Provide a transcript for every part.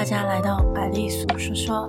大家來到凱莉粟說說，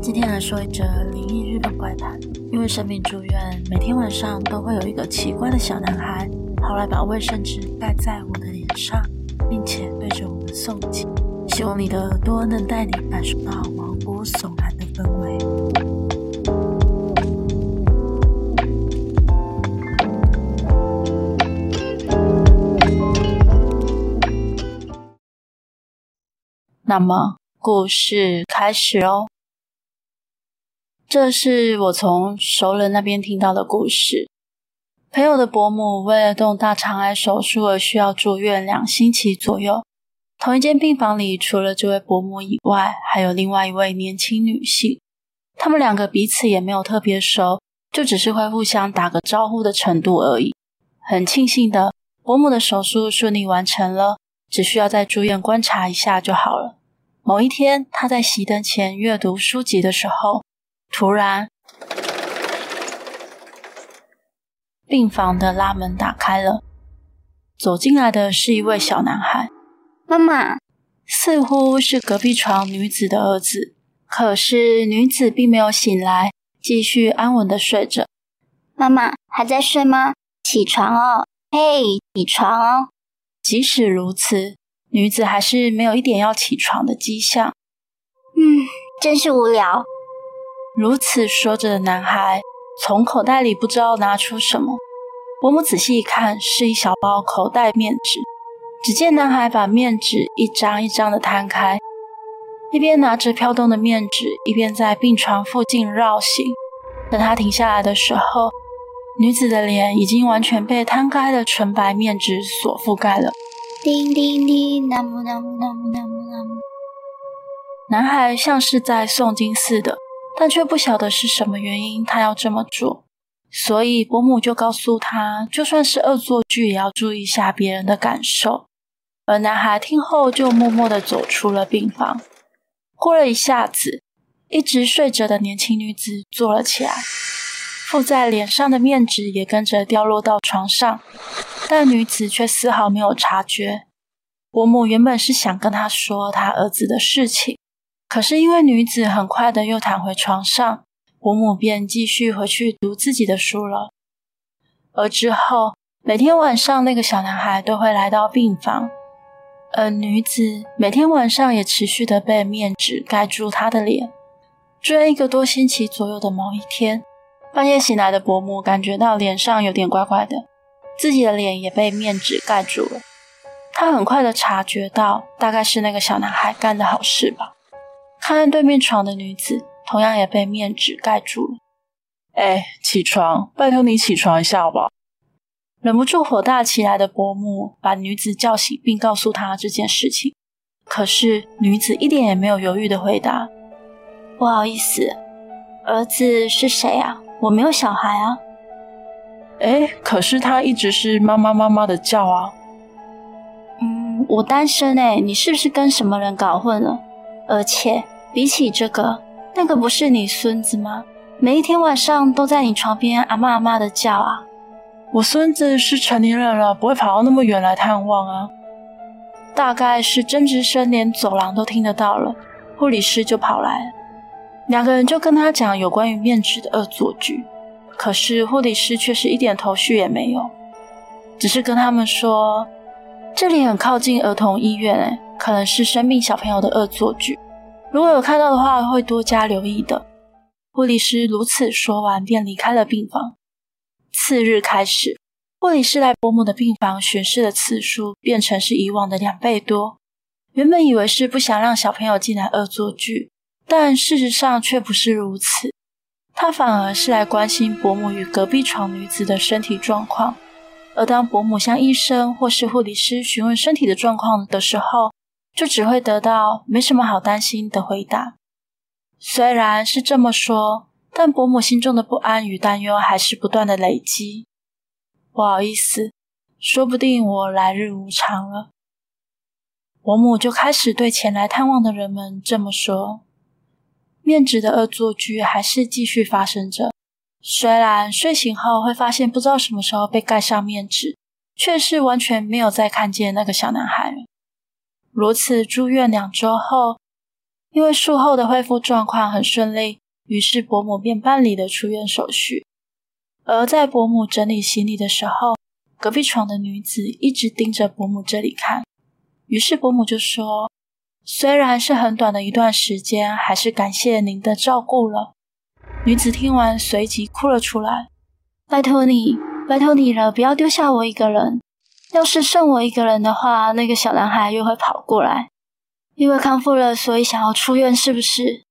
今天來說一則靈異日本怪談。因為生病住院，每天晚上都會有一個奇怪的小男孩跑來，把衛生紙蓋在我的臉上，並且對着我們誦經。希望你的耳朵能帶你感受到毛骨悚然的氛圍。那麼。故事開始哦。這是我從熟人那邊聽到的故事。朋友的伯母為了動大腸癌手術而需要住院兩星期左右。同一間病房裡，除了這位伯母以外，還有另外一位年輕女性。他們兩個彼此也沒有特別熟，就只是會互相打個招呼的程度而已。很慶幸的，伯母的手術順利完成了，只需要在住院觀察一下就好了。某一天，他在熄燈前閱讀書籍的時候，突然，病房的拉門打開了。走進來的是一位小男孩。媽媽，似乎是隔壁床女子的兒子，可是女子並沒有醒來，繼續安穩的睡着。媽媽，還在睡嗎？起床哦，嘿，起床哦。即使如此。女子還是沒有一點要起床的跡象。嗯，真是無聊。如此說着的男孩從口袋裡不知道拿出什麼，伯母仔細一看，是一小包口袋面紙。只見男孩把面紙一張一張的攤開，一邊拿着飄動的面紙，一邊在病床附近繞行。等他停下來的時候，女子的臉已經完全被攤開的純白面紙所覆蓋了。叮叮叮！南無南無南無南無南無，男孩像是在誦經似的，但卻不曉得是什麼原因他要這麼做。所以伯母就告訴他，就算是惡作劇也要注意一下別人的感受。而男孩聽後就默默地走出了病房。過了一下子，一直睡着的年輕女子坐了起來。附在臉上的面紙也跟着掉落到床上，但女子卻絲毫沒有察覺。伯母原本是想跟她說她兒子的事情，可是因為女子很快的又躺回床上，伯母便繼續回去讀自己的書了。而之後每天晚上，那個小男孩都會來到病房，而、呃、女子每天晚上也持續的被面紙蓋住她的臉。住院一個多星期左右的某一天。半夜醒來的伯母感覺到臉上有點怪怪的，自己的臉也被面紙蓋住了。她很快地察覺到，大概是那個小男孩幹的好事吧。看看對面床的女子，同樣也被面紙蓋住了。哎、欸，起床！拜託你起床一下吧！忍不住火大起來的伯母把女子叫醒，並告訴她這件事情。可是女子一點也沒有猶豫地回答：“不好意思，兒子是誰啊？”我沒有小孩啊，哎，可是他一直是媽媽媽媽的叫啊。嗯，我單身哎、欸，你是不是跟什麼人搞混了？而且比起這個，那個不是你孫子嗎？每一天晚上都在你床邊阿嬤阿嬤的叫啊。我孫子是成年人了，不會跑到那麼遠來探望啊。大概是爭執聲連走廊都聽得到了，護理師就跑來了。兩個人就跟他講有關於面紙的惡作劇，可是護理師卻是一點頭緒也沒有，只是跟他們說這裡很靠近兒童醫院，可能是生病小朋友的惡作劇，如果有看到的話會多加留意的。護理師如此說完，便離開了病房。次日開始，護理師來伯母的病房巡視的次數變成是以往的兩倍多。原本以為是不想讓小朋友進來惡作劇。但事實上卻不是如此，他反而是來關心伯母與隔壁床女子的身體狀況。而當伯母向醫生或是護理師詢問身體的狀況的時候，就只會得到“沒什麼好擔心”的回答。雖然是這麼說，但伯母心中的不安與擔憂還是不斷的累積。不好意思，說不定我來日無常了，伯母就開始對前來探望的人們這麼說。面紙的惡作劇還是繼續發生着，雖然睡醒後會發現不知道什麼時候被蓋上面紙，卻是完全沒有再看見那個小男孩。如此住院兩週後，因為術後的恢復狀況很順利，於是伯母便辦理了出院手續。而在伯母整理行李的時候，隔壁床的女子一直盯着伯母這裡看，於是伯母就說。雖然是很短的一段時間，還是感謝您的照顧了。女子聽完，隨即哭了出來：“拜托你，拜托你了，不要丟下我一個人。要是剩我一個人的話，那個小男孩又會跑過來。因為康復了，所以想要出院，是不是？”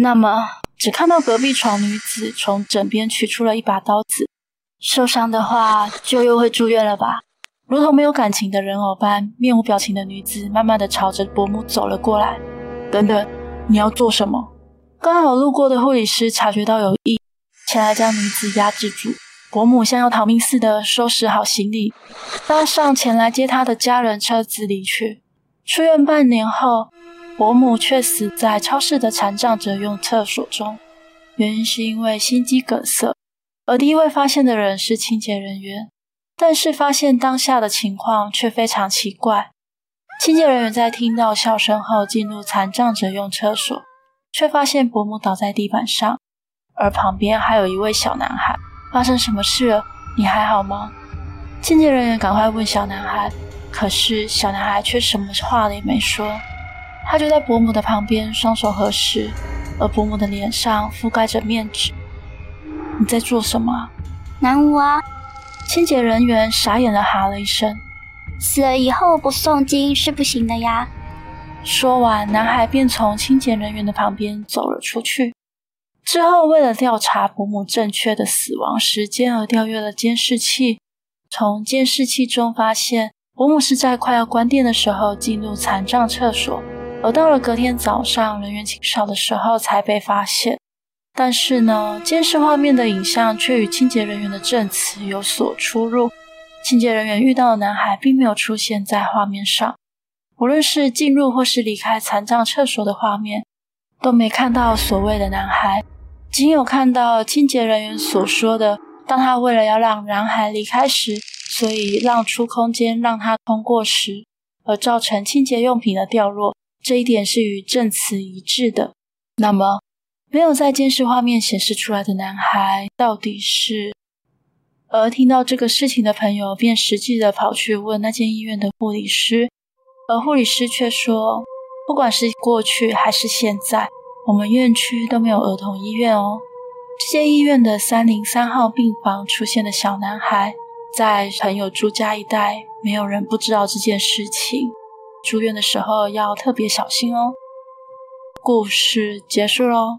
那麼，只看到隔壁床女子從枕邊取出了一把刀子。受傷的話，就又會住院了吧？如同沒有感情的人偶般，面無表情的女子，慢慢地朝着伯母走了過來。等等，你要做什麼？剛好路過的護理師察覺到有異，前來將女子壓制住。伯母像要逃命似的收拾好行李，搭上前來接她的家人車子離去。出院半年後，伯母卻死在超市的殘障者用廁所中，原因是因為心肌梗塞，而第一位發現的人是清潔人員。但是發現當下的情況卻非常奇怪。清潔人員在聽到笑聲後進入殘障者用廁所，卻發現伯母倒在地板上，而旁邊還有一位小男孩。發生什麼事了？你還好嗎？清潔人員趕快問小男孩，可是小男孩卻什麼話也沒說。他就在伯母的旁邊，雙手合十，而伯母的臉上覆蓋着面紙。你在做什麼？南無啊。清潔人員傻眼的喊了一聲：“死了以後不誦經是不行的呀！”說完，男孩便從清潔人員的旁邊走了出去。之後，為了調查伯母正確的死亡時間，而調閱了監視器。從監視器中發現，伯母是在快要關店的時候進入殘障廁所，而到了隔天早上人員清掃的時候才被發現。但是呢，監視畫面的影像卻與清潔人員的證詞有所出入。清潔人員遇到的男孩並沒有出現在畫面上，無論是進入或是離開殘障廁所的畫面，都沒看到所謂的男孩，僅有看到清潔人員所說的，當他為了要讓男孩離開時，所以讓出空間讓他通過時，而造成清潔用品的掉落，這一點是與證詞一致的。那麼，沒有在監視畫面顯示出來的男孩到底是？而聽到這個事情的朋友，便實際地跑去問那間醫院的護理師，而護理師卻說，不管是過去還是現在，我們院區都沒有兒童醫院哦。這間醫院的三零三號病房出現的小男孩，在朋友住家一帶，沒有人不知道這件事情。住院的時候要特別小心哦。故事結束嘍。